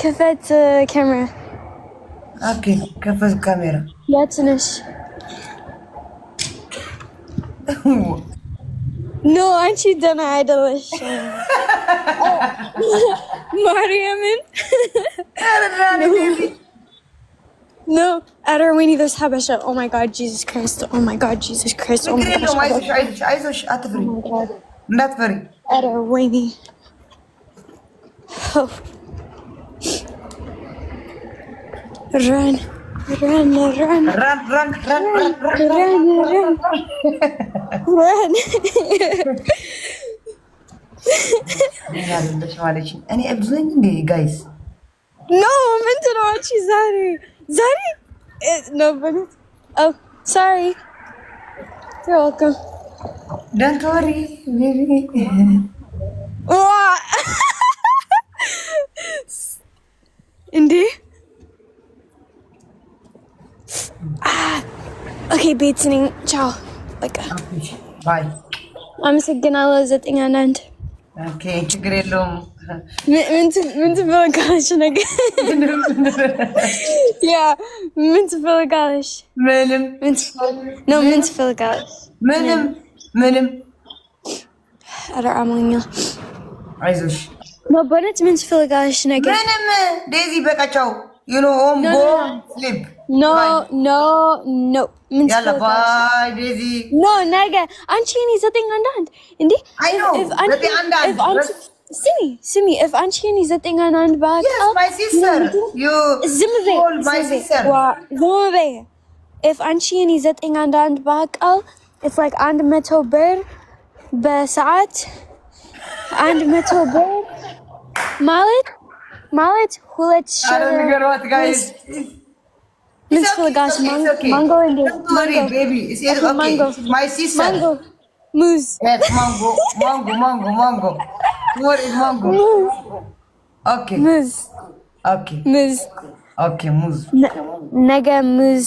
ክፈት ካሜራ። ኦኬ ክፈት ካሜራ። ያትነሽ ኖ አንቺ ደህና አይደለሽ። ማርያምን ኖ አረ ወይኔ ዚስ ሀበሻ ኦ ማይ ጋድ ጂሱስ ክርስት ኦ ማይ ጋድ ጂሱስ ክርስት ኦ ማይ ጋድ አይዞሽ፣ አትፍሪ እንዳትፈሪ። አረ ወይኔ Run, run, run, run, run, run, run, run, run. እኔ እብድ ነኝ እንዴ? ጋይስ ኖ ምንድን ነው አንቺ ዛሬ ዛሬ ነው በሉት። ሳሪ ዌልካም ዶንት ወሪ ቤቢ ቤትስንኝ ቻው በቃ ባይ። አመሰግናለሁ። ዘጠኝ አንዳንድ ችግር የለውም። ምን ትፈልጋለሽ? ነገር ያ ምን ትፈልጋለሽ? ምንም ምን ትፈልጋለሽ? ምንም ምንም። ኧረ አሞኛል። አይዞሽ በእውነት ምን ትፈልጋለሽ? ነገር ምንም። ዴዚ በቃ ቻው። ዩ ኖ ኦም ጎ ስሊፕ ኖ ኖ ኖ ምን ያለባይ ዴዚ ኖ ነገ አንቺ እኔ ዘጠኝ አንድ አንድ እንዴ ስሚ ስሚ እፍ አንቺ እኔ ዘጠኝ አንድ አንድ ባቃ ዝም በይ እፍ አንቺ እኔ ዘጠኝ አንድ አንድ ባቃ ኢትስ ላይክ አንድ መቶ ብር በሰዓት አንድ መቶ ብር ማለት ማለት ሁለት ሺህ actually, guys, man- it's okay. mango in there. Don't worry, mango. baby. It's okay. Mango. My sister. Mango. Moose. Yes, mango. mango, mango, mango. What is uh, uh, uh, mango? Moose. Okay. Moose. Okay. Moose. Okay, ሙዝ ነገ ሙዝ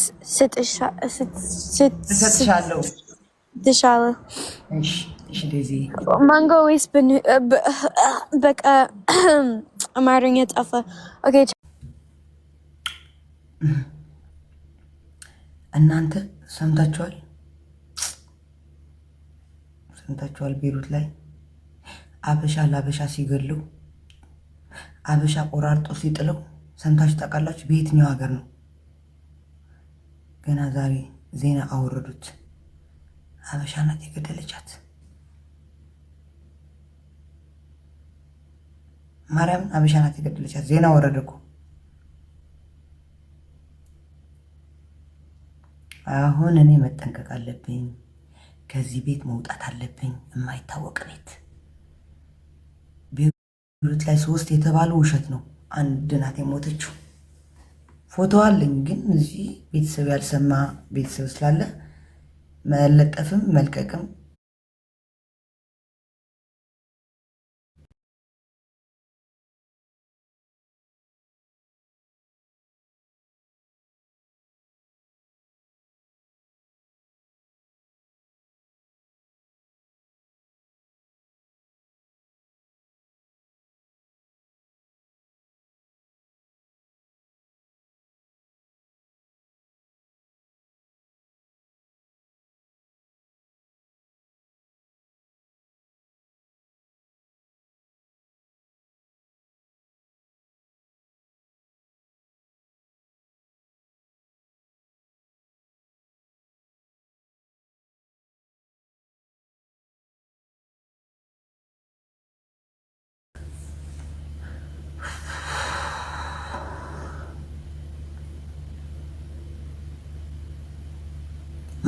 ስትሻለው ትሻለ I'm በቃ አማርኛ ጠፋ። Okay. እናንተ ሰምታችኋል ሰምታችኋል? ቤሩት ላይ አበሻ ለአበሻ ሲገለው አበሻ ቆራርጦ ሲጥለው ሰምታችሁ ታውቃላችሁ? በየትኛው ሀገር ነው? ገና ዛሬ ዜና አወረዱት። አበሻ ናት የገደለቻት። ማርያምን አበሻ ናት የገደለቻት። ዜና አወረደ? እኮ አሁን እኔ መጠንቀቅ አለብኝ። ከዚህ ቤት መውጣት አለብኝ። የማይታወቅ ቤት ቤት ላይ ሶስት የተባለው ውሸት ነው። አንድ ናት የሞተችው። ፎቶ አለኝ፣ ግን እዚህ ቤተሰብ ያልሰማ ቤተሰብ ስላለ መለጠፍም መልቀቅም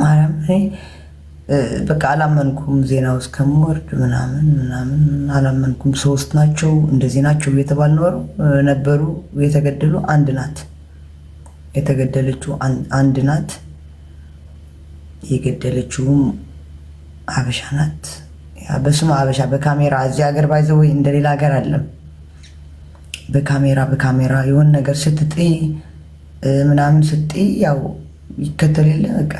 ማርያም እኔ በቃ አላመንኩም። ዜና ውስጥ ከምወርድ ምናምን ምናምን አላመንኩም። ሶስት ናቸው እንደዚህ ናቸው እየተባል ኖሩ ነበሩ። የተገደሉ አንድ ናት፣ የተገደለችው አንድ ናት። የገደለችውም አበሻ ናት። በስሙ አበሻ በካሜራ እዚህ ሀገር ባይዘው ወይ እንደሌላ ሀገር አለም። በካሜራ በካሜራ የሆን ነገር ስትጥይ ምናምን ስትጥይ ያው ይከተል የለ በቃ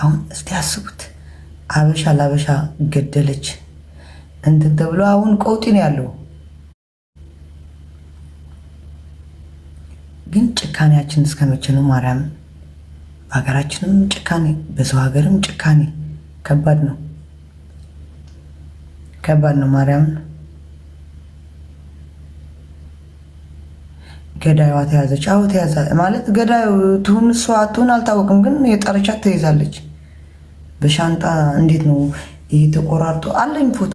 አሁን እስቲ አስቡት፣ አበሻ ለአበሻ ገደለች እንትን ተብሎ አሁን ቀውጢ ነው ያለው። ግን ጭካኔያችን እስከ መቼ ነው? ማርያም በሀገራችንም ጭካኔ፣ በሰው ሀገርም ጭካኔ ከባድ ነው፣ ከባድ ነው። ማርያም ገዳይዋ ተያዘች። አዎ ተያዛ ማለት ገዳዩ ትሁን እሷ ትሁን አልታወቅም፣ ግን የጠረቻት ተይዛለች። በሻንጣ እንዴት ነው ይህ ተቆራርጦ አለኝ ፎቶ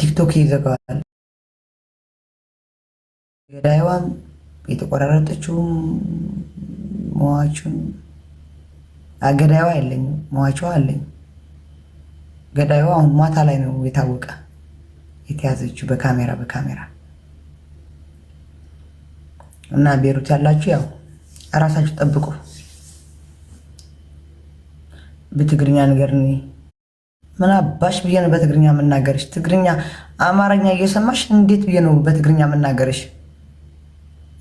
ቲክቶክ ይዘጋዋል። ገዳይዋም የተቆራረጠችውም መዋቹን ገዳይዋ የለኝም፣ መዋቸው አለኝ። ገዳይዋ አሁን ማታ ላይ ነው የታወቀ የተያዘችው በካሜራ በካሜራ እና ቤሩት ያላችሁ ያው እራሳችሁ ጠብቁ። በትግርኛ ነገር እኔ ምን አባሽ ብዬ ነው በትግርኛ የምናገርሽ? ትግርኛ አማርኛ እየሰማሽ እንዴት ብዬ ነው በትግርኛ የምናገርሽ?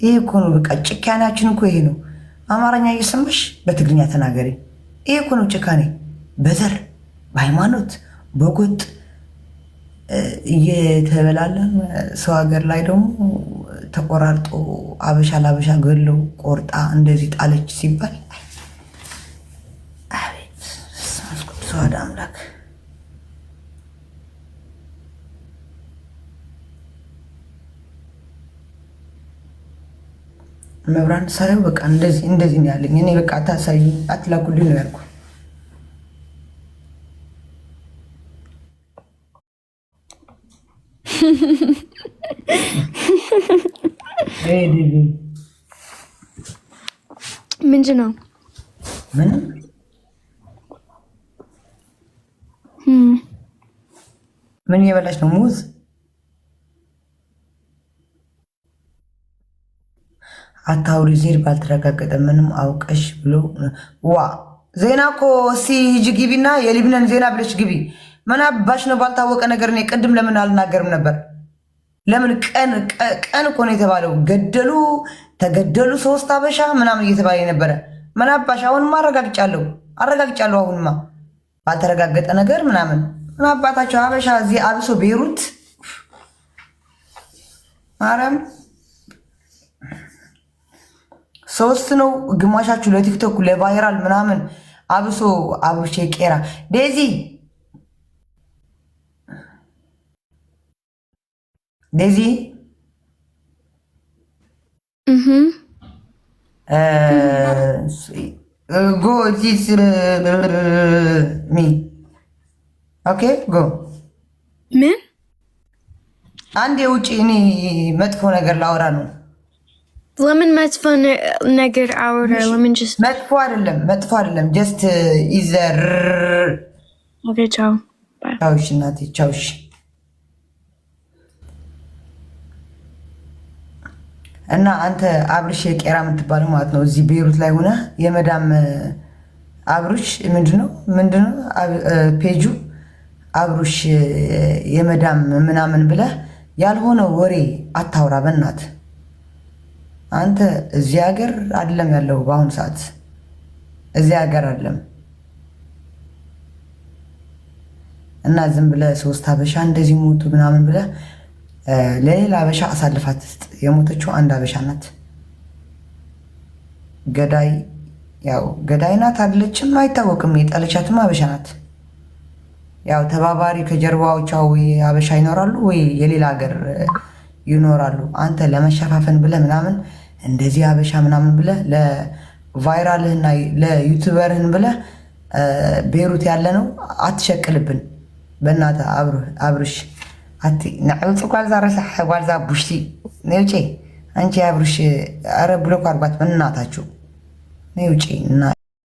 ይሄ እኮ ነው በቃ ጭካኔያችን እኮ ይሄ ነው። አማርኛ እየሰማሽ በትግርኛ ተናገሪ። ይሄ እኮ ነው ጭካኔ። በዘር በሃይማኖት በጎጥ እየተበላለን ሰው ሀገር ላይ ደግሞ ተቆራርጦ አበሻ ለአበሻ ገለው ቆርጣ እንደዚህ ጣለች ሲባል ቅዱስ አምላክ መብራን ሳየው በቃ እንደዚህ እንደዚህ ነው ያለኝ። እኔ በቃ አታሳይ አትላኩልኝ ነው ያልኩ። ምንድን ነው? ምንም ምን እየበላች ነው? ሙዝ አታውሪ። ዜድ ባልተረጋገጠ ምንም አውቀሽ ብሎ ዋ ዜና እኮ እስኪ ሂጂ ግቢና የሊብነን ዜና ብለሽ ግቢ። ምን አባሽ ነው ባልታወቀ ነገር? እኔ ቅድም ለምን አልናገርም ነበር? ለምን ቀን ቀን እኮ ነው የተባለው። ገደሉ ተገደሉ ሶስት አበሻ ምናምን እየተባለ ነበረ። ምን አባሽ አሁንማ አረጋግጫለሁ፣ አረጋግጫለሁ። አሁንማ ባልተረጋገጠ ነገር ምናምን አባታቸው ሀበሻ እዚህ አብሶ ቤሩት ማርያም ሶስት ነው ግማሻችሁ ለቲክቶክ ለቫይራል ምናምን አብሶ አብሼ ቄራ ዴዚ ዴዚ ጎ ሚ ኦኬ ጎ ምን አንድ የውጭ እኔ መጥፎ ነገር ላወራ ነው። ለምን መጥፎ ነገር አወራ? ለምን መጥፎ አይደለም፣ መጥፎ አይደለም። ጀስት ኢዘር ኦኬ። እናቴ ቻው። እና አንተ አብርሽ የቄራ የምትባለው ማለት ነው እዚህ ቤይሩት ላይ ሆነ የመዳም አብርሽ ምንድነው ምንድነው ፔጁ አብሩሽ የመዳም ምናምን ብለህ ያልሆነ ወሬ አታውራ። በናት አንተ እዚህ ሀገር አይደለም ያለው በአሁኑ ሰዓት እዚህ ሀገር አይደለም እና ዝም ብለህ ሶስት ሀበሻ እንደዚህ ሞቱ ምናምን ብለህ ለሌላ ሀበሻ አሳልፋት ስጥ። የሞተችው አንድ ሀበሻ ናት። ገዳይ ያው ገዳይ ናት አይደለችም አይታወቅም። የጣለቻትም ሀበሻ ናት። ያው ተባባሪ ከጀርባው ቻው ሀበሻ ይኖራሉ ወይ የሌላ ሀገር ይኖራሉ። አንተ ለመሸፋፈን ብለህ ምናምን እንደዚህ አበሻ ምናምን ብለህ ለቫይራልህና ለዩቱበርህን ብለህ ቤሩት ያለ ነው አትሸቅልብን። በእናትህ አብርሽ ንዕብፅ ጓልዛ ረሳሐ ጓልዛ ቡሽቲ ነውጪ አንቺ አብርሽ አረ ብሎክ አርጓት በእናታችሁ ነውጪ እና